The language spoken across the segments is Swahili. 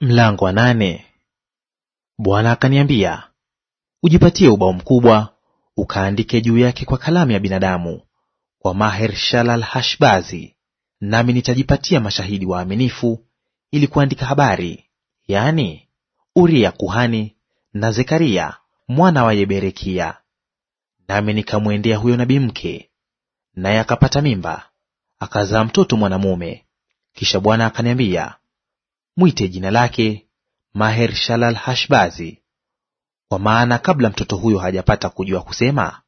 Mlango wa nane. Bwana akaniambia, ujipatie ubao mkubwa ukaandike juu yake kwa kalamu ya binadamu, kwa Maher Shalal Hashbazi, nami nitajipatia mashahidi waaminifu ili kuandika habari, yaani Uria kuhani na Zekaria mwana wa Yeberekia. Nami nikamwendea huyo nabii mke, naye akapata mimba, akazaa mtoto mwanamume. Kisha Bwana akaniambia mwite jina lake maher shalal Hashbazi, kwa maana kabla mtoto huyo hajapata kujua kusema,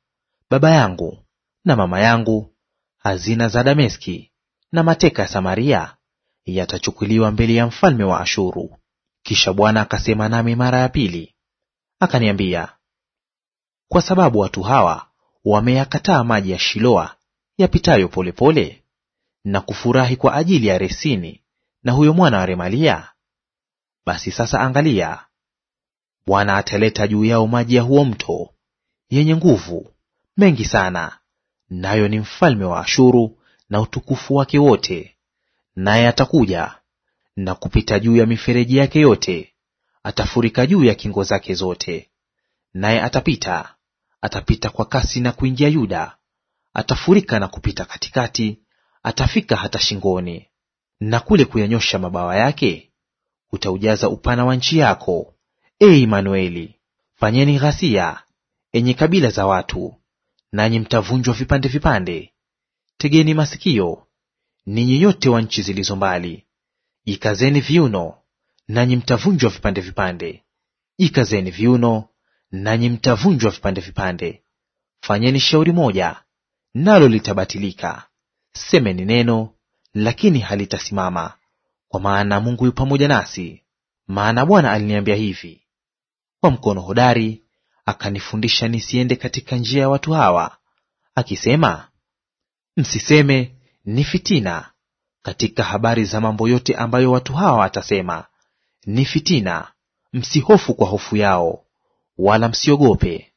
baba yangu na mama yangu, hazina za Dameski na mateka ya Samaria yatachukuliwa mbele ya mfalme wa Ashuru. Kisha Bwana akasema nami mara ya pili, akaniambia, kwa sababu watu hawa wameyakataa maji ya Shiloa yapitayo polepole na kufurahi kwa ajili ya Resini na huyo mwana wa Remalia, basi sasa angalia, Bwana ataleta juu yao maji ya huo mto yenye nguvu mengi sana, nayo ni mfalme wa Ashuru na utukufu wake wote. Naye atakuja na kupita juu ya mifereji yake yote, atafurika juu ya kingo zake zote. Naye atapita, atapita kwa kasi na kuingia Yuda, atafurika na kupita katikati, atafika hata shingoni. Na kule kuyanyosha mabawa yake utaujaza upana wa nchi yako, e Imanueli. Fanyeni ghasia, enye kabila za watu, nanyi mtavunjwa vipande vipande. Tegeni masikio, ninyi nyote wa nchi zilizo mbali. Jikazeni viuno, nanyi mtavunjwa vipande vipande. Jikazeni viuno, nanyi mtavunjwa vipande vipande. Fanyeni shauri moja, nalo litabatilika; semeni neno, lakini halitasimama kwa maana Mungu yu pamoja nasi, maana Bwana aliniambia hivi kwa mkono hodari akanifundisha nisiende katika njia ya watu hawa, akisema, msiseme ni fitina katika habari za mambo yote ambayo watu hawa watasema ni fitina; msihofu kwa hofu yao, wala msiogope.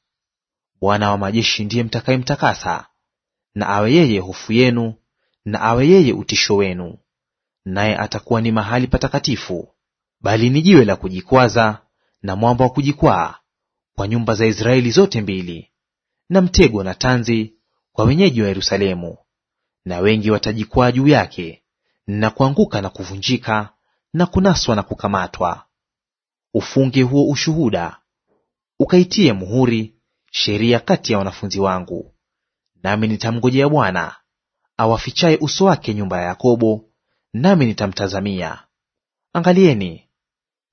Bwana wa majeshi ndiye mtakayemtakasa, na awe yeye hofu yenu, na awe yeye utisho wenu naye atakuwa ni mahali patakatifu, bali ni jiwe la kujikwaza na mwamba wa kujikwaa kwa nyumba za Israeli zote mbili, na mtego na tanzi kwa wenyeji wa Yerusalemu. Na wengi watajikwaa juu yake na kuanguka na kuvunjika na kunaswa na kukamatwa. Ufunge huo ushuhuda, ukaitie muhuri sheria kati ya wanafunzi wangu. Nami nitamngojea Bwana awafichaye uso wake nyumba ya Yakobo nami nitamtazamia. Angalieni,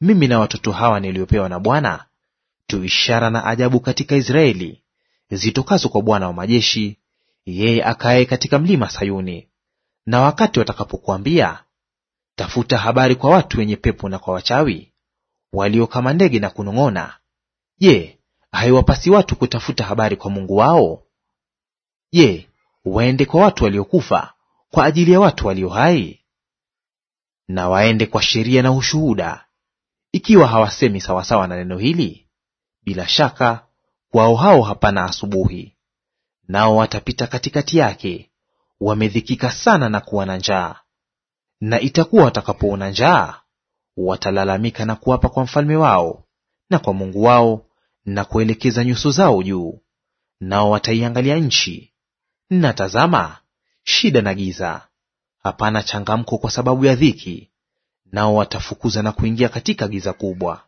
mimi na watoto hawa niliopewa na Bwana tu ishara na ajabu katika Israeli, zitokazo kwa Bwana wa majeshi, yeye akaye katika mlima Sayuni. Na wakati watakapokuambia, tafuta habari kwa watu wenye pepo na kwa wachawi walio kama ndege na kunong'ona, je, haiwapasi watu kutafuta habari kwa Mungu wao? Je, waende kwa watu waliokufa kwa ajili ya watu walio hai? na waende kwa sheria na ushuhuda. Ikiwa hawasemi sawasawa na neno hili, bila shaka kwao hao hapana asubuhi. Nao watapita katikati yake, wamedhikika sana na kuwa na njaa. Na itakuwa watakapoona njaa, watalalamika na kuapa kwa mfalme wao na kwa Mungu wao, na kuelekeza nyuso zao juu. Nao wataiangalia nchi, na tazama, shida na giza, hapana changamko kwa sababu ya dhiki, nao watafukuza na kuingia katika giza kubwa.